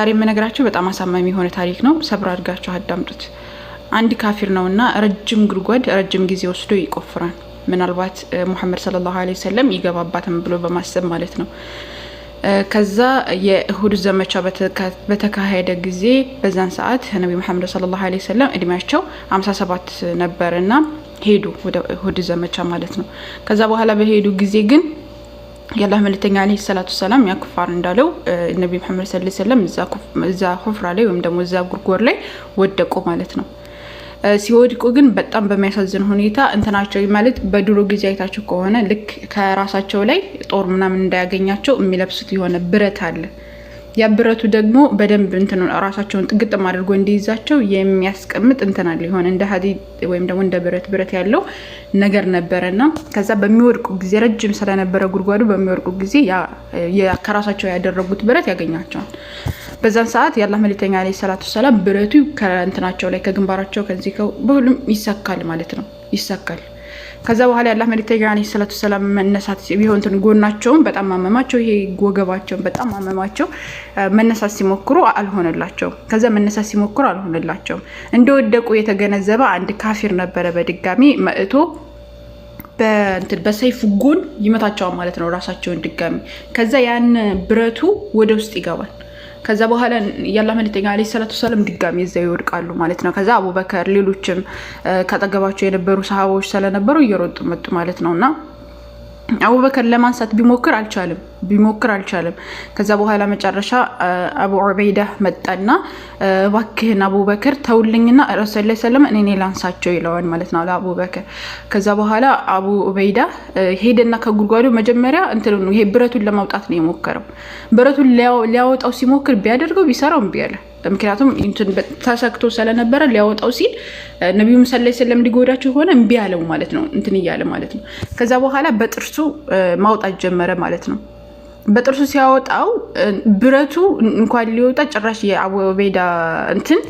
ዛሬ የምነግራችሁ በጣም አሳማሚ የሆነ ታሪክ ነው። ሰብር አድርጋችሁ አዳምጡት። አንድ ካፊር ነው እና ረጅም ጉድጓድ ረጅም ጊዜ ወስዶ ይቆፍራል። ምናልባት ሙሐመድ ሰለላሁ ዐለይሂ ወሰለም ይገባባትም ብሎ በማሰብ ማለት ነው። ከዛ የእሁድ ዘመቻ በተካሄደ ጊዜ በዛን ሰዓት ነቢ ሙሐመድ ሰለላሁ ዐለይሂ ወሰለም እድሜያቸው ሰባት ነበር እና ሄዱ ወደ እሁድ ዘመቻ ማለት ነው። ከዛ በኋላ በሄዱ ጊዜ ግን የአላህ መልእክተኛ አለይሂ ሰላቱ ሰላም ያ ኩፋር እንዳለው ነቢ መሐመድ ሰለላሁ ዐለይሂ ወሰለም እዛ ኩፍራ ላይ ወይም ደግሞ እዛ ጉርጓድ ላይ ወደቁ ማለት ነው። ሲወድቁ ግን በጣም በሚያሳዝን ሁኔታ እንትናቸው ማለት በድሮ ጊዜ አይታቸው ከሆነ ልክ ከራሳቸው ላይ ጦር ምናምን እንዳያገኛቸው የሚለብሱት የሆነ ብረት አለ ያብረቱ ደግሞ በደንብ እንትን ራሳቸውን ጥግጥም አድርጎ እንዲይዛቸው የሚያስቀምጥ እንትናል ሊሆን እንደ ሀዲድ ወይም ደግሞ እንደ ብረት ብረት ያለው ነገር ነበረና ከዛ በሚወድቁ ጊዜ ረጅም ስለነበረ ጉድጓዱ በሚወድቁ ጊዜ ከራሳቸው ያደረጉት ብረት ያገኛቸዋል። በዛን ሰዓት የአላህ መልእክተኛ ዓለይሂ ሰላቱ ሰላም ብረቱ ከእንትናቸው ላይ ከግንባራቸው ከዚህ በሁሉም ይሰካል ማለት ነው ይሰካል። ከዛ በኋላ ያላ መልክተኛ ዓለይሂ ሰላቱ ሰላም መነሳት ቢሆንትን ጎናቸውን በጣም አመማቸው። ይሄ ወገባቸውን በጣም አመማቸው። መነሳት ሲሞክሩ አልሆነላቸውም። ከዛ መነሳት ሲሞክሩ አልሆነላቸውም። እንደወደቁ የተገነዘበ አንድ ካፊር ነበረ። በድጋሚ መጥቶ በሰይፍ ጎን ይመታቸዋል ማለት ነው ራሳቸውን ድጋሚ። ከዛ ያን ብረቱ ወደ ውስጥ ይገባል። ከዛ በኋላ ያላ መልክተኛ ዐለይሂ ሰላቱ ሰላም ድጋሚ እዛ ይወድቃሉ ማለት ነው። ከዛ አቡበከር፣ ሌሎችም ከጠገባቸው የነበሩ ሰሃቦች ስለነበሩ እየሮጡ መጡ ማለት ነው እና አቡበከር ለማንሳት ቢሞክር አልቻልም። ቢሞክር አልቻለም። ከዛ በኋላ መጨረሻ አቡ ዑበይዳ መጣና እባክህን አቡበክር ተውልኝና ረሱ ላ ሰለም እኔ ላንሳቸው ይለዋል ማለት ነው ለአቡበክር። ከዛ በኋላ አቡ ዑበይዳ ሄደና ከጉድጓዱ መጀመሪያ እንትን ይሄ ብረቱን ለማውጣት ነው የሞከረው። ብረቱን ሊያወጣው ሲሞክር ቢያደርገው ቢሰራው እምቢ አለ። ምክንያቱም እንትን ተሰክቶ ስለነበረ ሊያወጣው ሲል ነቢዩ ሰለይ ሰለም ሊጎዳቸው ሆነ እምቢ አለው ማለት ነው፣ እንትን እያለ ማለት ነው። ከዛ በኋላ በጥርሱ ማውጣት ጀመረ ማለት ነው። በጥርሱ ሲያወጣው ብረቱ እንኳን ሊወጣ ጭራሽ የአቦቤዳ እንትን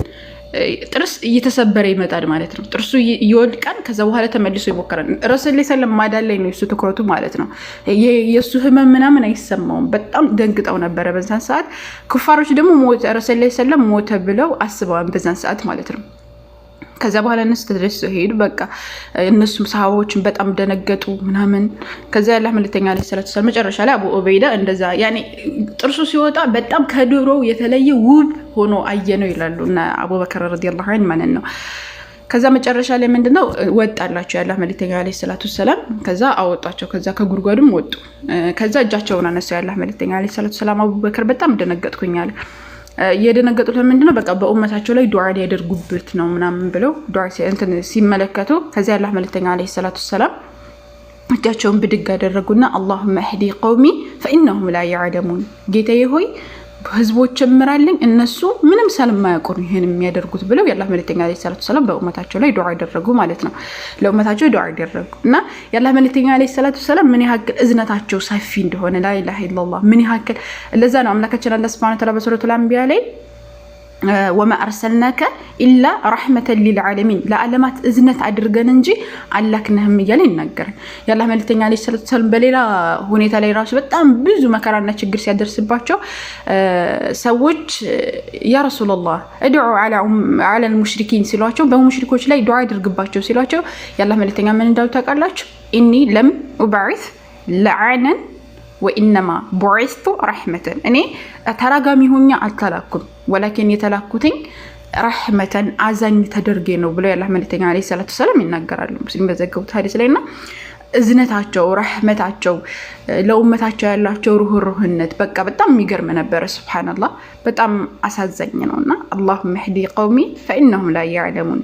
ጥርስ እየተሰበረ ይመጣል ማለት ነው። ጥርሱ ይወድቃል። ከዛ በኋላ ተመልሶ ይሞከራል። ረሱል ሰለም ማዳን ላይ ነው የሱ ትኩረቱ ማለት ነው። የእሱ ህመም ምናምን አይሰማውም። በጣም ደንግጠው ነበረ በዛን ሰዓት። ክፋሮች ደግሞ ረሱል ሰለም ሞተ ብለው አስበዋል በዛን ሰዓት ማለት ነው። ከዚያ በኋላ እነሱ ተድረስ ሄዱ። በቃ እነሱም ሰሃቦችን በጣም ደነገጡ ምናምን። ከዚያ ያለ መልክተኛ ላይ ስለት ሰል መጨረሻ ላይ አቡ ኦበይዳ እንደዛ ያኔ ጥርሱ ሲወጣ በጣም ከድሮው የተለየ ውብ ሆኖ አየ ነው ይላሉ እና አቡበከር ረዲየላሁ ዐንሁ ማለት ነው። ከዛ መጨረሻ ላይ ምንድነው ወጣላቸው ያለ መልክተኛ ለ ሰላት ሰላም። ከዛ አወጣቸው። ከዛ ከጉድጓድም ወጡ። ከዛ እጃቸውን አነሳው ያለ መልክተኛ ለ ሰላት ሰላም። አቡበከር በጣም ደነገጥኩኛል የደነገጡት ለምንድን ነው? በቃ በኡመታቸው ላይ ዱዓ ሊያደርጉበት ነው ምናምን ብለው ሲመለከቱ ከዚያ አላህ መልክተኛ ዓለይሂ ሰላቱ ሰላም እጃቸውን ብድግ ያደረጉና አላሁመ እህዲ ቀውሚ ፈኢነሁም ላ ያዕለሙን ጌታዬ ሆይ ህዝቦች እምራልኝ እነሱ ምንም ሳልማያውቁ ነው ይህን የሚያደርጉት ብለው የአላህ መልእክተኛ ዓለይሂ ሰላቱ ሰላም በእመታቸው ላይ ዱዓ ያደረጉ ማለት ነው። ለእመታቸው ዱዓ ያደረጉ እና የአላህ መልእክተኛ ዓለይሂ ሰላቱ ሰላም ምን ያህል እዝነታቸው ሰፊ እንደሆነ ላኢላሃ ኢለላህ ምን ያህል ለዛ ነው አምላካችን አላህ ሱብሓነሁ ወተዓላ በሱረቱል አንቢያ ላይ ወማ አርሰልናከ ኢላ ረሕመተን ሊልዓለሚን ለዓለማት እዝነት አድርገን እንጂ አላክነህም እያለ ይናገራል። የአላህ መልእክተኛ ዐለይሂ ሰላቱ ወሰላም በሌላ ሁኔታ ላይ ራሱ በጣም ብዙ መከራና ችግር ሲያደርስባቸው ሰዎች ያ ረሱላላህ እድዑ ዐለል ሙሽሪኪን ሲሏቸው በሙሽሪኮች ላይ ዱዓ አድርግባቸው ሲሏቸው የአላህ መልእክተኛ ምን እንዳሉ ታውቃላችሁ? ኢኒ ለም ኡባዒት ለዓነን ወኢነማ ቦዒስቱ ረሕመተን እኔ ተራጋሚ ሆኛ አልተላኩም፣ ወላኪን የተላኩትኝ ረሕመተን አዛኝ ተደርጌ ነው ብለው የአላህ መልእክተኛ ዓለይሂ ሰላቱ ወሰላም ይናገራሉ። ሙስሊም በዘገቡት ሐዲስ ላይ እና እዝነታቸው ረሕመታቸው፣ ለኡመታቸው ያላቸው ሩህሩህነት በቃ በጣም የሚገርም ነበረ። ስብሓነላህ በጣም አሳዛኝ ነውና አላሁመ ህዲ ቀውሚ ፈኢነሁም ላ ያዕለሙን